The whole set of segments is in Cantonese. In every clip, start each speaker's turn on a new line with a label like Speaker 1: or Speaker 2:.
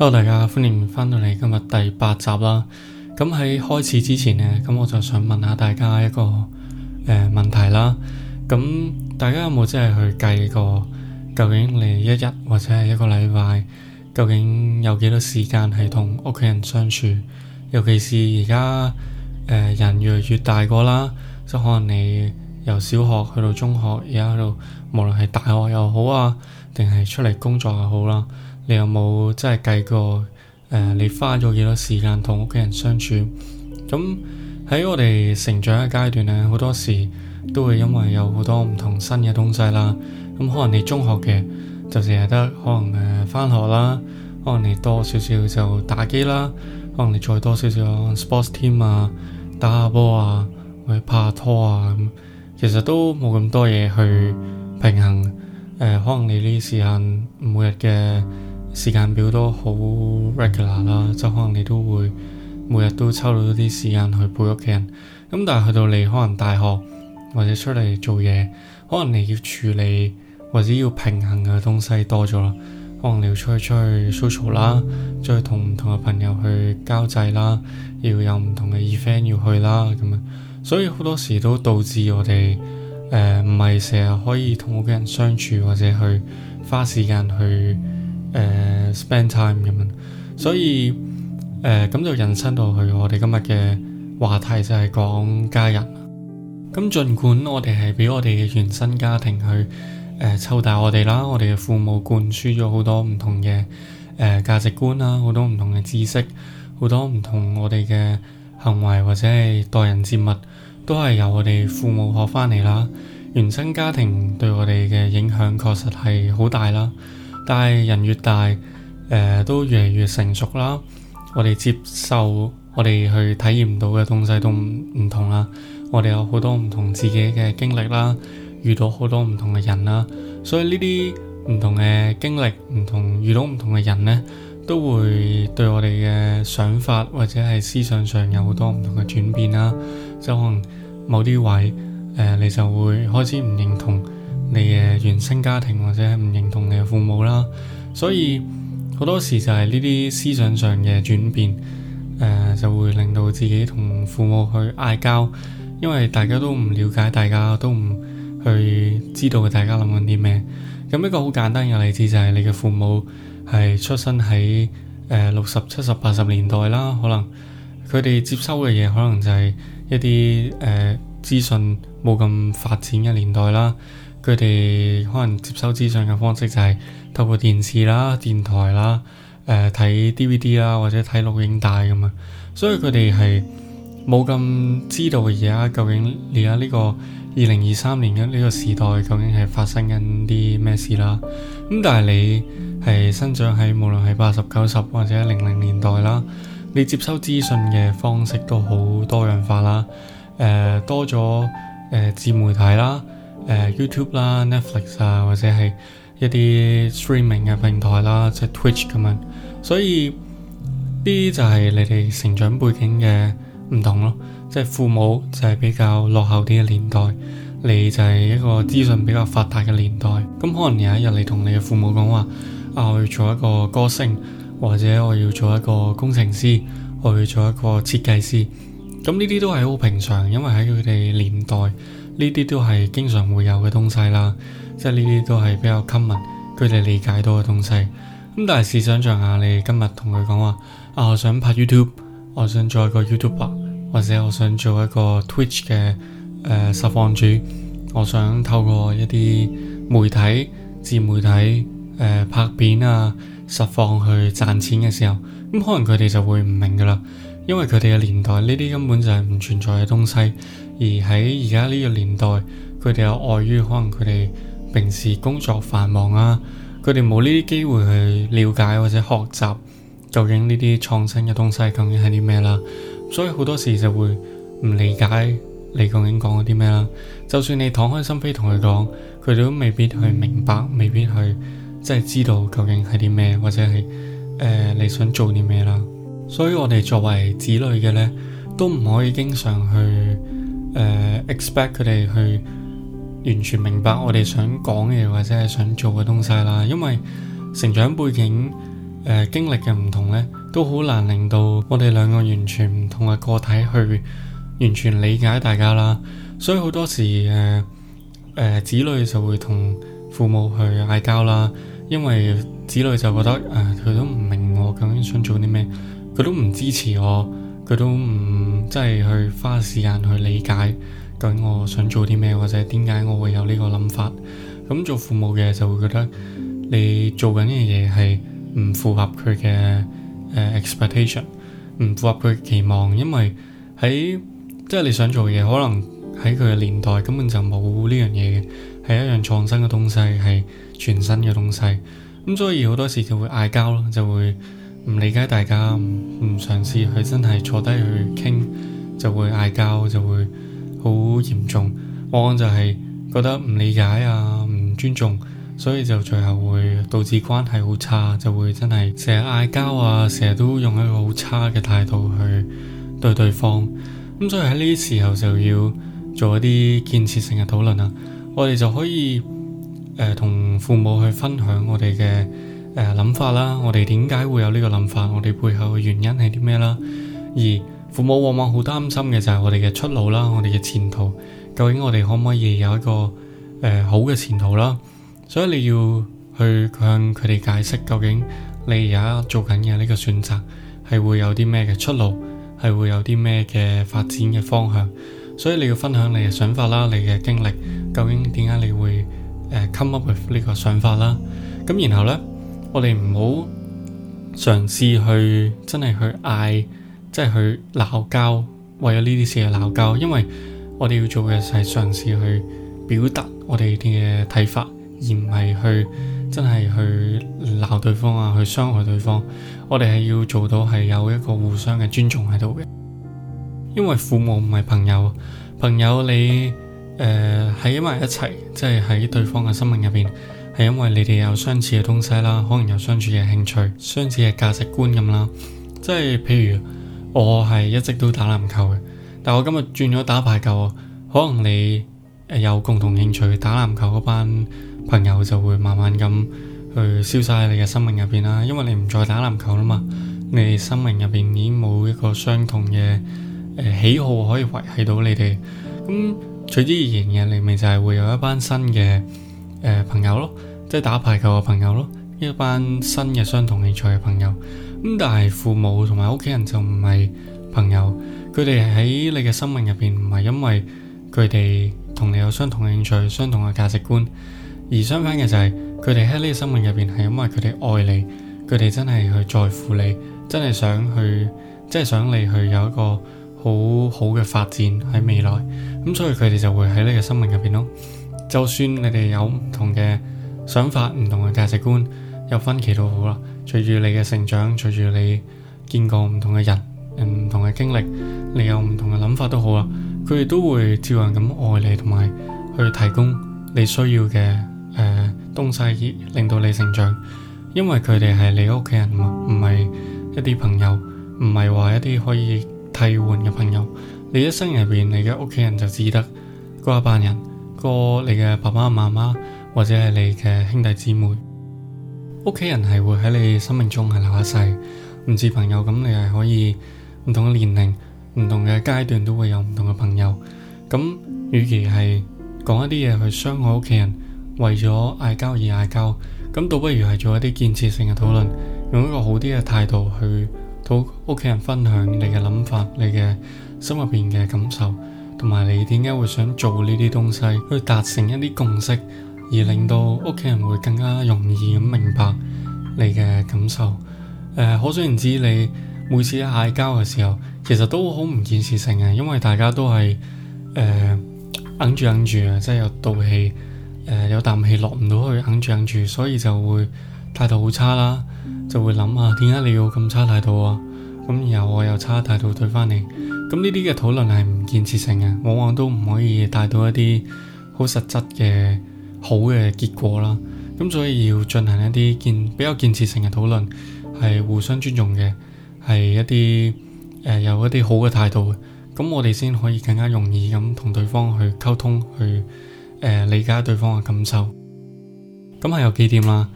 Speaker 1: Hello，大家歡迎翻到嚟今日第八集啦。咁喺開始之前呢，咁我就想問下大家一個誒、呃、問題啦。咁大家有冇真係去計過，究竟你一日或者係一個禮拜，究竟有幾多時間係同屋企人相處？尤其是而家誒人越嚟越大個啦，即可能你由小學去到中學，而家喺度，無論係大學又好啊，定係出嚟工作又好啦。你有冇即係計過誒、呃？你花咗幾多時間同屋企人相處？咁喺我哋成長嘅階段咧，好多時都會因為有好多唔同新嘅東西啦。咁可能你中學嘅就淨係得可能誒翻、呃、學啦，可能你多少少就打機啦，可能你再多少少 sports team 啊，打下波啊，或者拍下拖啊。咁其實都冇咁多嘢去平衡誒、呃，可能你呢時間每日嘅。時間表都好 regular 啦，就可能你都會每日都抽到啲時間去陪屋企人。咁、嗯、但係去到你可能大學或者出嚟做嘢，可能你要處理或者要平衡嘅東西多咗啦。可能你要出去出去 social 啦，出去同唔同嘅朋友去交際啦，要有唔同嘅 event 要去啦咁樣。所以好多時都導致我哋誒唔係成日可以同屋企人相處，或者去花時間去。誒、uh,spend time 咁樣，所以誒咁就引申到去我哋今日嘅話題就係講家人。咁盡管我哋係俾我哋嘅原生家庭去誒、湊、uh, 大我哋啦，我哋嘅父母灌輸咗好多唔同嘅誒價值觀啦，好多唔同嘅知識，好多唔同我哋嘅行為或者係待人接物，都係由我哋父母學翻嚟啦。原生家庭對我哋嘅影響確實係好大啦。但係人越大，誒、呃、都越嚟越成熟啦。我哋接受，我哋去體驗到嘅東西都唔唔同啦。我哋有好多唔同自己嘅經歷啦，遇到好多唔同嘅人啦。所以呢啲唔同嘅經歷，唔同遇到唔同嘅人呢，都會對我哋嘅想法或者係思想上有好多唔同嘅轉變啦。即可能某啲位，誒、呃、你就會開始唔認同。你嘅原生家庭或者唔認同你嘅父母啦，所以好多時就係呢啲思想上嘅轉變，誒、呃，就會令到自己同父母去嗌交，因為大家都唔了解，大家都唔去知道，大家諗緊啲咩。咁一個好簡單嘅例子就係、是，你嘅父母係出生喺誒六十七十八十年代啦，可能佢哋接收嘅嘢可能就係一啲誒資訊冇咁發展嘅年代啦。佢哋可能接收資訊嘅方式就係透過電視啦、電台啦、誒、呃、睇 DVD 啦或者睇錄影帶咁啊，所以佢哋係冇咁知道嘅嘢。究竟而家呢個二零二三年嘅呢個時代究竟係發生緊啲咩事啦？咁、嗯、但係你係生長喺無論係八十九十或者零零年代啦，你接收資訊嘅方式都好多元化啦。誒、呃、多咗誒、呃、自媒體啦。誒、呃、YouTube 啦、Netflix 啊，或者係一啲 streaming 嘅平台啦，即、啊、係 Twitch 咁樣，所以呢啲就係你哋成長背景嘅唔同咯，即、就、係、是、父母就係比較落後啲嘅年代，你就係一個資訊比較發達嘅年代，咁可能有一日你同你嘅父母講話，啊，我要做一個歌星，或者我要做一個工程師，我要做一個設計師，咁呢啲都係好平常，因為喺佢哋年代。呢啲都係經常會有嘅東西啦，即係呢啲都係比較 common 佢哋理解到嘅東西。咁但係試想像下，你今日同佢講話，啊，我想拍 YouTube，我想做一個 YouTuber，或者我想做一個 Twitch 嘅誒、呃、實況主，我想透過一啲媒體、自媒體誒、呃、拍片啊、實況去賺錢嘅時候，咁、嗯、可能佢哋就會唔明噶啦。因為佢哋嘅年代，呢啲根本就係唔存在嘅東西。而喺而家呢個年代，佢哋又礙於可能佢哋平時工作繁忙啊，佢哋冇呢啲機會去了解或者學習究竟呢啲創新嘅東西究竟係啲咩啦。所以好多時就會唔理解你究竟講咗啲咩啦。就算你敞開心扉同佢講，佢都未必去明白，未必去即係知道究竟係啲咩，或者係誒、呃、你想做啲咩啦。所以我哋作為子女嘅，呢，都唔可以經常去，誒、uh, expect 佢哋去完全明白我哋想講嘅或者係想做嘅東西啦。因為成長背景誒、uh, 經歷嘅唔同呢，都好難令到我哋兩個完全唔同嘅個體去完全理解大家啦。所以好多時誒、uh, uh, 子女就會同父母去嗌交啦，因為子女就覺得誒佢、uh, 都唔明我究竟想做啲咩。佢都唔支持我，佢都唔即係去花時間去理解，究竟我想做啲咩或者點解我會有呢個諗法？咁、嗯、做父母嘅就會覺得你做緊呢樣嘢係唔符合佢嘅誒 expectation，唔符合佢嘅期望，因為喺即係你想做嘢，可能喺佢嘅年代根本就冇呢樣嘢嘅，係一樣創新嘅東西，係全新嘅東西，咁、嗯、所以好多時就會嗌交咯，就會。唔理解，大家唔嘗試去真係坐低去傾，就會嗌交，就會好嚴重。往往就係覺得唔理解啊，唔尊重，所以就最後會導致關係好差，就會真係成日嗌交啊，成日都用一個好差嘅態度去對對方。咁所以喺呢啲時候就要做一啲建設性嘅討論啊，我哋就可以誒同、呃、父母去分享我哋嘅。誒、呃、諗法啦，我哋點解會有呢個諗法？我哋背後嘅原因係啲咩啦？而父母往往好擔心嘅就係我哋嘅出路啦，我哋嘅前途。究竟我哋可唔可以有一個誒、呃、好嘅前途啦？所以你要去向佢哋解釋，究竟你而家做緊嘅呢個選擇係會有啲咩嘅出路，係會有啲咩嘅發展嘅方向？所以你要分享你嘅想法啦，你嘅經歷，究竟點解你會誒、呃、come up with 呢個想法啦？咁然後呢？我哋唔好嘗試去真係去嗌，即係去鬧交，為咗呢啲事去鬧交。因為我哋要做嘅係嘗試去表達我哋啲嘅睇法，而唔係去真係去鬧對方啊，去傷害對方。我哋係要做到係有一個互相嘅尊重喺度嘅。因為父母唔係朋友，朋友你誒喺埋一齊，即係喺對方嘅生命入邊。係因為你哋有相似嘅東西啦，可能有相似嘅興趣、相似嘅價值觀咁啦，即係譬如我係一直都打籃球嘅，但我今日轉咗打排球，可能你有共同興趣，打籃球嗰班朋友就會慢慢咁去消晒你嘅生命入邊啦，因為你唔再打籃球啦嘛，你生命入邊已經冇一個相同嘅、呃、喜好可以維繫到你哋，咁隨之而然嘅你咪就係會有一班新嘅、呃、朋友咯。即係打排球嘅朋友咯，一班新嘅相同興趣嘅朋友。咁但係父母同埋屋企人就唔係朋友，佢哋喺你嘅生命入邊唔係因為佢哋同你有相同興趣、相同嘅價值觀，而相反嘅就係佢哋喺你嘅生命入邊係因為佢哋愛你，佢哋真係去在乎你，真係想去，即係想你去有一個好好嘅發展喺未來。咁、嗯、所以佢哋就會喺你嘅生命入邊咯。就算你哋有唔同嘅想法唔同嘅價值觀，有分歧都好啦。隨住你嘅成長，隨住你見過唔同嘅人，唔同嘅經歷，你有唔同嘅諗法都好啦。佢哋都會照樣咁愛你，同埋去提供你需要嘅誒、呃、東西，令到你成長。因為佢哋係你屋企人嘛，唔係一啲朋友，唔係話一啲可以替換嘅朋友。你一生入邊，你嘅屋企人就只得個一班人，個你嘅爸爸媽媽。或者係你嘅兄弟姊妹，屋企人係會喺你嘅生命中係留一世，唔似朋友咁。你係可以唔同嘅年齡、唔同嘅階段都會有唔同嘅朋友。咁，與其係講一啲嘢去傷害屋企人，為咗嗌交，而嗌交，咁倒不如係做一啲建設性嘅討論，用一個好啲嘅態度去討屋企人分享你嘅諗法、你嘅心入邊嘅感受，同埋你點解會想做呢啲東西，去達成一啲共識。而令到屋企人會更加容易咁明白你嘅感受。誒、呃，可想而知你每次嗌交嘅時候，其實都好唔建設性嘅，因為大家都係誒哽住哽住啊，即係有道氣，誒、呃、有啖氣落唔到去，哽住哽住，所以就會態度好差啦。就會諗下點解你要咁差態度啊？咁然後我又差態度對翻你。咁呢啲嘅討論係唔建設性嘅，往往都唔可以帶到一啲好實質嘅。好嘅結果啦，咁所以要進行一啲建比較建設性嘅討論，係互相尊重嘅，係一啲誒、呃、有一啲好嘅態度嘅，咁我哋先可以更加容易咁同對方去溝通，去、呃、理解對方嘅感受。咁係有幾點啦。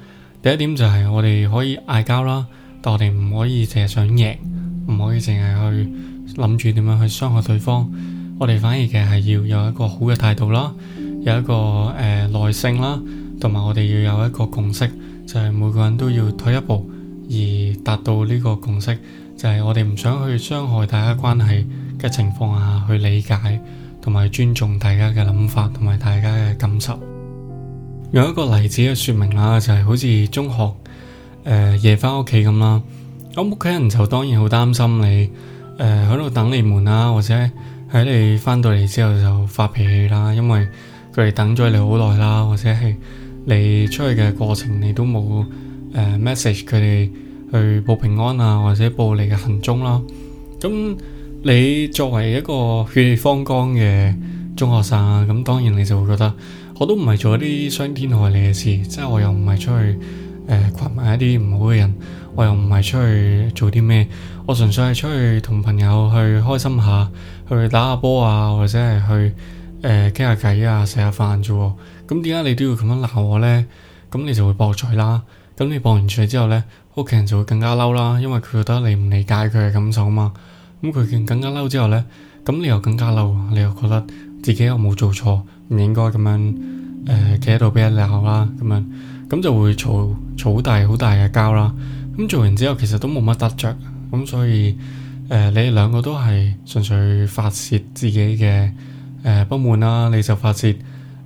Speaker 1: 第一點就係我哋可以嗌交啦，但我哋唔可以淨係想贏，唔可以淨係去諗住點樣去傷害對方，我哋反而嘅係要有一個好嘅態度啦。有一個誒、呃、耐性啦，同埋我哋要有一個共識，就係、是、每個人都要退一步，而達到呢個共識，就係、是、我哋唔想去傷害大家關係嘅情況下，去理解同埋尊重大家嘅諗法同埋大家嘅感受。有一個例子嘅説明啦，就係、是、好似中學誒、呃、夜翻屋企咁啦，咁屋企人就當然好擔心你誒喺度等你們啊，或者喺你翻到嚟之後就發脾氣啦，因為佢哋等咗你好耐啦，或者係你出去嘅過程，你都冇誒、呃、message 佢哋去報平安啊，或者報你嘅行蹤啦、啊。咁你作為一個血氣方剛嘅中學生啊，咁當然你就會覺得，我都唔係做一啲傷天害理嘅事，即、就、係、是、我又唔係出去誒群埋一啲唔好嘅人，我又唔係出去做啲咩，我純粹係出去同朋友去開心下，去打下波啊，或者係去。誒，傾下偈啊，食下飯啫。咁點解你都要咁樣鬧我呢？咁你就會駁嘴啦。咁你駁完嘴之後呢，屋企人就會更加嬲啦，因為佢覺得你唔理解佢嘅感受啊嘛。咁佢更加嬲之後呢，咁你又更加嬲，你又覺得自己又冇做錯，唔應該咁樣企喺度俾人鬧啦。咁樣咁就會吵吵大好大嘅交啦。咁做完之後其實都冇乜得着。咁所以誒、呃，你哋兩個都係純粹發洩自己嘅。誒不滿啦，你就發泄。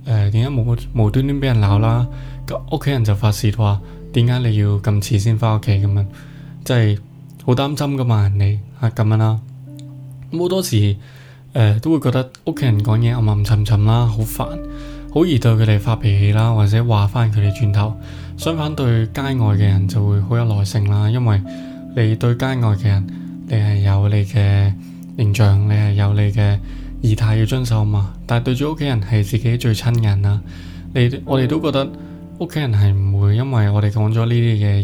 Speaker 1: 誒點解無無無端端俾人鬧啦？咁屋企人就發泄話點解你要咁遲先返屋企咁樣，即係好擔心㗎嘛你嚇咁樣啦。咁好多時誒都會覺得屋企人講嘢暗暗沉沉啦，好煩，好易對佢哋發脾氣啦，或者話返佢哋轉頭。相反對街外嘅人就會好有耐性啦，因為你對街外嘅人，你係有你嘅形象，你係有你嘅。儀態要遵守嘛，但係對住屋企人係自己最親人啦、啊。你我哋都覺得屋企人係唔會因為我哋講咗呢啲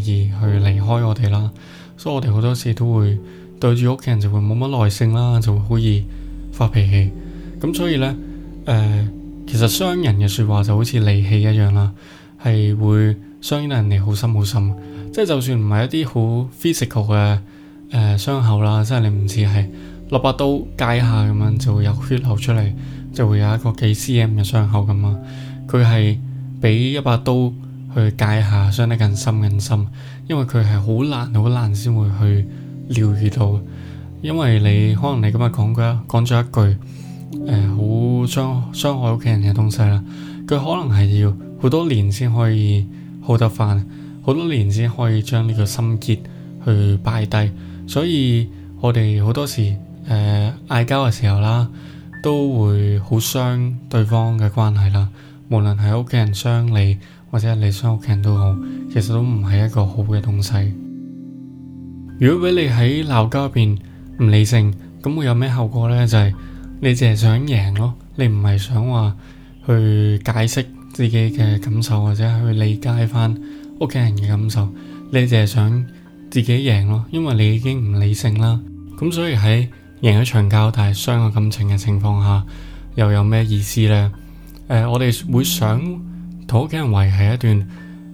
Speaker 1: 嘢而去離開我哋啦，所以我哋好多時都會對住屋企人就會冇乜耐性啦，就會好易發脾氣。咁所以呢，誒、呃，其實傷人嘅說話就好似利器一樣啦，係會傷到人哋好深好深。即、就、係、是、就算唔係一啲好 physical 嘅誒、呃、傷口啦，即係你唔似係。攞把刀界下咁樣就會有血流出嚟，就會有一個幾 CM 嘅傷口咁嘛，佢係俾一把刀去界下，傷得更深更深，因為佢係好難好難先會去療癒到，因為你可能你今日講句講咗一句誒好傷傷害屋企人嘅東西啦，佢可能係要好多年先可以好得翻，好多年先可以將呢個心結去擺低，所以我哋好多時。誒，嗌交嘅時候啦，都會好傷對方嘅關係啦。無論係屋企人傷你，或者你傷屋企人都好，其實都唔係一個好嘅東西。如果俾你喺鬧交入邊唔理性，咁會有咩後果呢？就係你淨係想贏咯，你唔係想話去解釋自己嘅感受，或者去理解翻屋企人嘅感受，你淨係想自己贏咯，因為你已經唔理性啦。咁所以喺贏咗場交，但係傷咗感情嘅情況下，又有咩意思呢？誒，我哋會想同屋企人維繫一段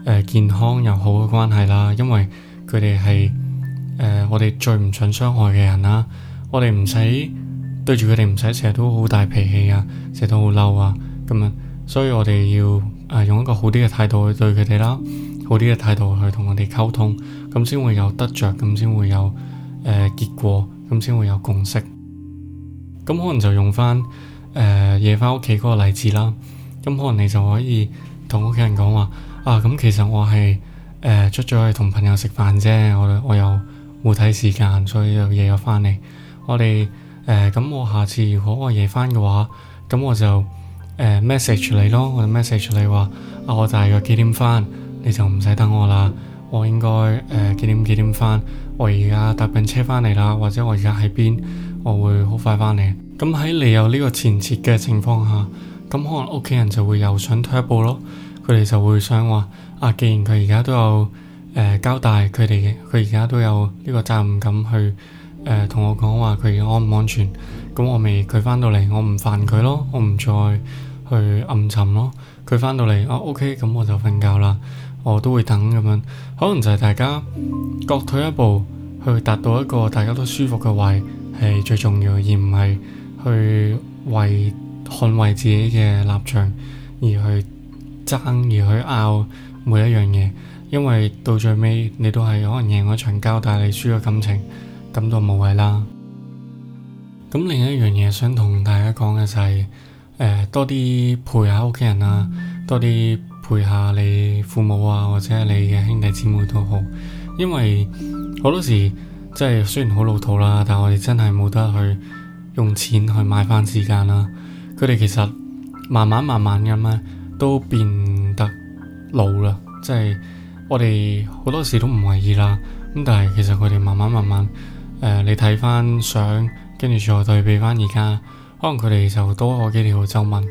Speaker 1: 誒健康又好嘅關係啦，因為佢哋係誒我哋最唔想傷害嘅人啦。我哋唔使對住佢哋，唔使成日都好大脾氣啊，成日都好嬲啊咁樣。所以我哋要誒用一個好啲嘅態度去對佢哋啦，好啲嘅態度去同我哋溝通，咁先會有得着，咁先會有誒結果。咁先會有共識，咁可能就用翻誒、呃、夜翻屋企嗰個例子啦。咁可能你就可以同屋企人講話啊，咁其實我係誒、呃、出咗去同朋友食飯啫，我我又冇睇時間，所以又夜咗翻嚟。我哋誒咁我下次如果我夜翻嘅話，咁我就誒、呃、message 你咯，我就 message 你話啊我大概幾點翻，你就唔使等我啦。我應該誒、呃、幾點幾點翻？我而家搭緊車翻嚟啦，或者我而家喺邊？我會好快翻嚟。咁喺你有呢個前設嘅情況下，咁可能屋企人就會又想退一步咯。佢哋就會想話：啊，既然佢而家都有誒、呃、交代佢哋嘅，佢而家都有呢個責任感去誒同、呃、我講話佢安唔安全。咁我咪佢翻到嚟，我唔煩佢咯，我唔再去暗沉咯。佢翻到嚟，我、啊、OK，咁我就瞓覺啦。我、哦、都會等咁樣，可能就係大家各退一步去達到一個大家都舒服嘅位係最重要，而唔係去為捍衞自己嘅立場而去爭而去拗每一樣嘢，因為到最尾你都係可能贏咗場交，但係你輸咗感情，咁就冇謂啦。咁另一樣嘢想同大家講嘅就係誒，多啲陪下屋企人啊，多啲。陪下你父母啊，或者你嘅兄弟姊妹都好，因為好多時即係雖然好老土啦，但係我哋真係冇得去用錢去買翻時間啦。佢哋其實慢慢慢慢咁樣都變得老啦。即係我哋好多時都唔為意啦，咁但係其實佢哋慢慢慢慢，誒、呃，你睇翻相，跟住再對比翻而家，可能佢哋就多咗幾條皺紋，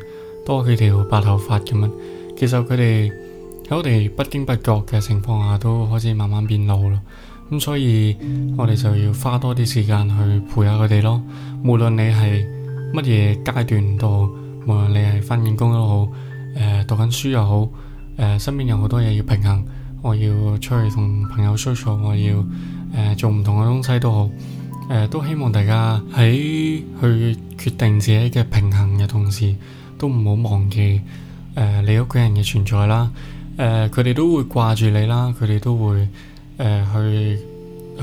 Speaker 1: 多幾條白頭髮咁樣。其實佢哋喺我哋不經不覺嘅情況下，都開始慢慢變老啦。咁所以我哋就要花多啲時間去陪下佢哋咯。無論你係乜嘢階段度，無論你係翻緊工都好，誒讀緊書又好，誒、呃呃、身邊有好多嘢要平衡。我要出去同朋友相處，我要誒、呃、做唔同嘅東西都好。誒、呃、都希望大家喺去決定自己嘅平衡嘅同時，都唔好忘記。誒、呃，你屋企人嘅存在啦，誒、呃，佢哋都會掛住你啦，佢哋都會誒、呃、去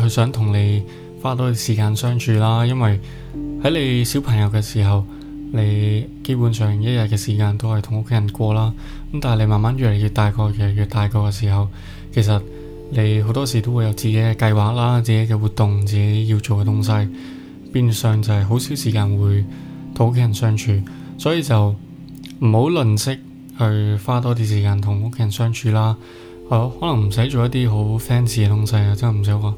Speaker 1: 去想同你花多啲時間相處啦，因為喺你小朋友嘅時候，你基本上一日嘅時間都係同屋企人過啦，咁但係你慢慢越嚟越大個，越嚟越大個嘅時候，其實你好多時都會有自己嘅計劃啦，自己嘅活動，自己要做嘅東西，變相就係好少時間會同屋企人相處，所以就唔好吝嗇，去花多啲時間同屋企人相處啦，係、哦、可能唔使做一啲好 fancy 嘅東西啊，真係唔使話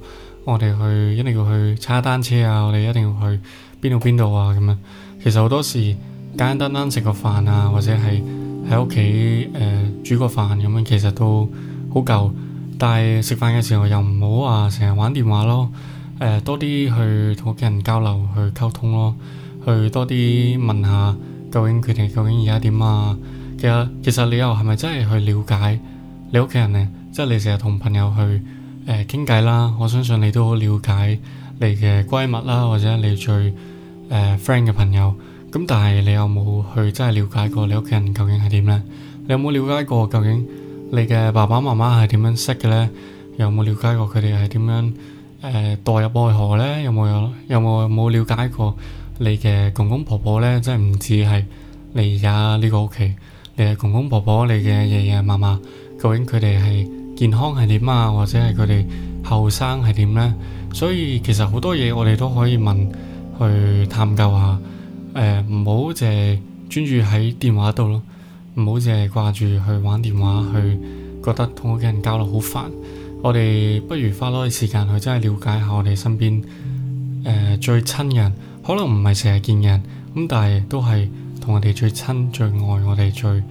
Speaker 1: 我哋去一定要去踩單車啊，我哋一定要去邊度邊度啊咁樣。其實好多時簡簡單單食個飯啊，或者係喺屋企誒煮個飯咁樣，其實都好夠。但係食飯嘅時候又唔好話成日玩電話咯，誒、呃、多啲去同屋企人交流，去溝通咯，去多啲問下究竟佢哋究竟而家點啊～其實其實你又係咪真係去了解你屋企人呢？即係你成日同朋友去誒傾偈啦，我相信你都好了解你嘅閨蜜啦，或者你最誒 friend 嘅朋友。咁但係你有冇去真係了解過你屋企人究竟係點呢？你有冇了解過究竟你嘅爸爸媽媽係點樣識嘅呢？有冇了解過佢哋係點樣誒代入愛河呢？有冇有有冇冇了解過你嘅公公婆婆呢？真係唔止係你而家呢個屋企。你嘅公公婆婆，你嘅爺爺嫲嫲，究竟佢哋係健康係點啊，或者係佢哋後生係點呢？所以其實好多嘢，我哋都可以問去探究下。誒，唔好淨係專注喺電話度咯，唔好淨係掛住去玩電話，去覺得同屋企人交流好煩。我哋不如花多啲時間去真係了解下我哋身邊誒最親嘅人，可能唔係成日見嘅人，咁但係都係。我哋最親、最愛我哋最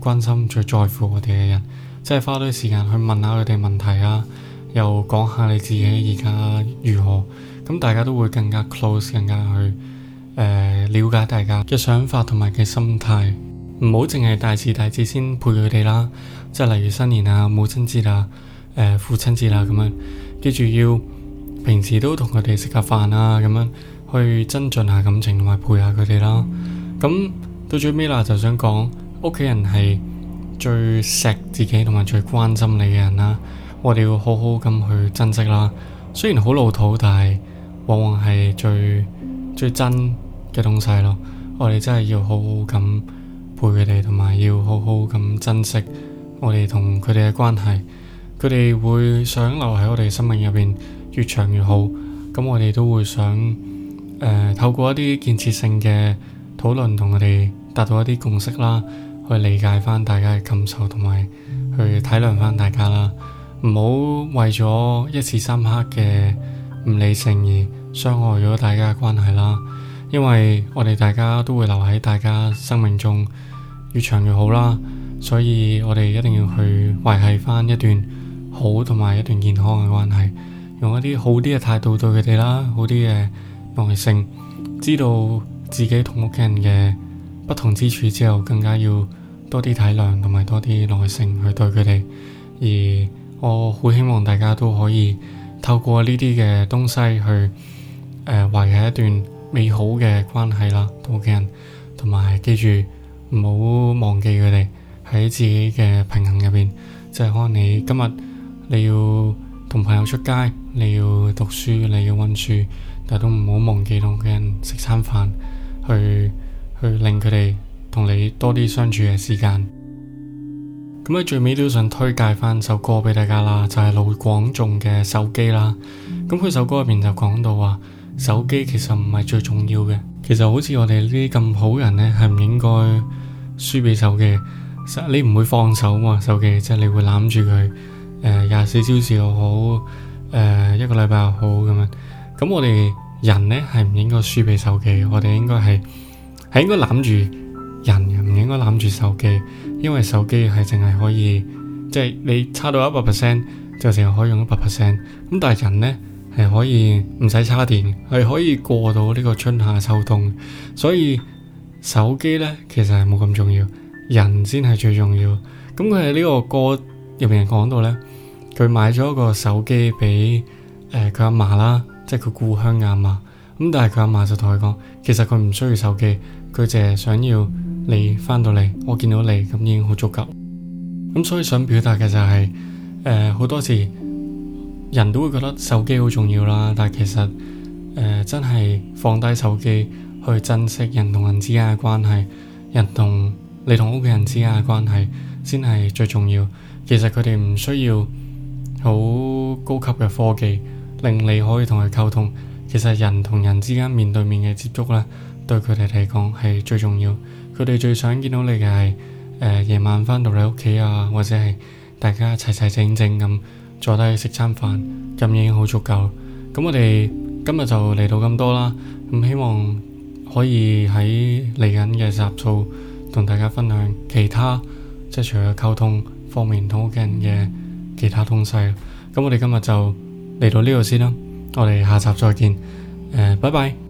Speaker 1: 關心、最在乎我哋嘅人，即係花多啲時間去問下佢哋問題啊，又講下你自己而家如何咁，大家都會更加 close，更加去誒、呃、了解大家嘅想法同埋嘅心態，唔好淨係大時大節先陪佢哋啦。即係例如新年啊、母親節啊、誒、呃、父親節啦，咁樣記住要平時都同佢哋食下飯啊，咁樣去增進下感情同埋陪下佢哋啦。咁到最尾啦，就想講屋企人係最錫自己同埋最關心你嘅人啦，我哋要好好咁去珍惜啦。雖然好老土，但係往往係最最真嘅東西咯。我哋真係要好好咁陪佢哋，同埋要好好咁珍惜我哋同佢哋嘅關係。佢哋會想留喺我哋生命入邊越長越好，咁我哋都會想，呃，透過一啲建設性嘅。討論同我哋達到一啲共識啦，去理解翻大家嘅感受，同埋去體諒翻大家啦，唔好為咗一時三刻嘅唔理性而傷害咗大家嘅關係啦。因為我哋大家都會留喺大家生命中越長越好啦，所以我哋一定要去維係翻一段好同埋一段健康嘅關係，用一啲好啲嘅態度對佢哋啦，好啲嘅耐性，知道自己同屋企人嘅不同之處之後，更加要多啲體諒，同埋多啲耐性去對佢哋。而我好希望大家都可以透過呢啲嘅東西去誒維繫一段美好嘅關係啦，同屋企人，同埋記住唔好忘記佢哋喺自己嘅平衡入邊，即係可能你今日你要同朋友出街，你要讀書，你要溫書，但都唔好忘記同屋企人食餐飯。去去令佢哋同你多啲相處嘅時間，咁喺最尾都想推介翻首歌俾大家啦，就係盧廣仲嘅手機啦。咁佢首歌入邊就講到話，手機其實唔係最重要嘅。其實好似我哋呢啲咁好人呢，係唔應該輸俾手機。你唔會放手啊嘛，手機即係你會攬住佢，誒，廿四小時又好，誒，一個禮拜又好咁樣。咁我哋。人咧係唔應該輸畀手機。我哋應該係係應該攬住人，唔應該攬住手機，因為手機係淨係可以，即係你叉到一百 percent 就淨係可以用一百 percent。咁但係人咧係可以唔使叉電，係可以過到呢個春夏秋冬。所以手機咧其實係冇咁重要，人先係最重要。咁佢喺呢個歌入面講到咧，佢買咗個手機俾誒佢阿嫲啦。即係佢故鄉嘅阿嫲，咁，但係佢阿嫲就同佢講，其實佢唔需要手機，佢淨係想要你返到嚟，我見到你咁已經好足夠。咁所以想表達嘅就係、是，誒、呃、好多時人都會覺得手機好重要啦，但係其實誒、呃、真係放低手機去珍惜人同人之間嘅關係，人同你同屋企人之間嘅關係，先係最重要。其實佢哋唔需要好高級嘅科技。令你可以同佢溝通，其實人同人之間面對面嘅接觸呢，對佢哋嚟講係最重要。佢哋最想見到你嘅係誒，夜晚返到你屋企啊，或者係大家齊齊整整咁坐低去食餐飯，咁已經好足夠。咁我哋今日就嚟到咁多啦。咁希望可以喺嚟緊嘅集數同大家分享其他即係、就是、除咗溝通方面同屋企人嘅其他東西。咁我哋今日就～嚟到呢度先啦，我哋下集再見，誒、呃，拜拜。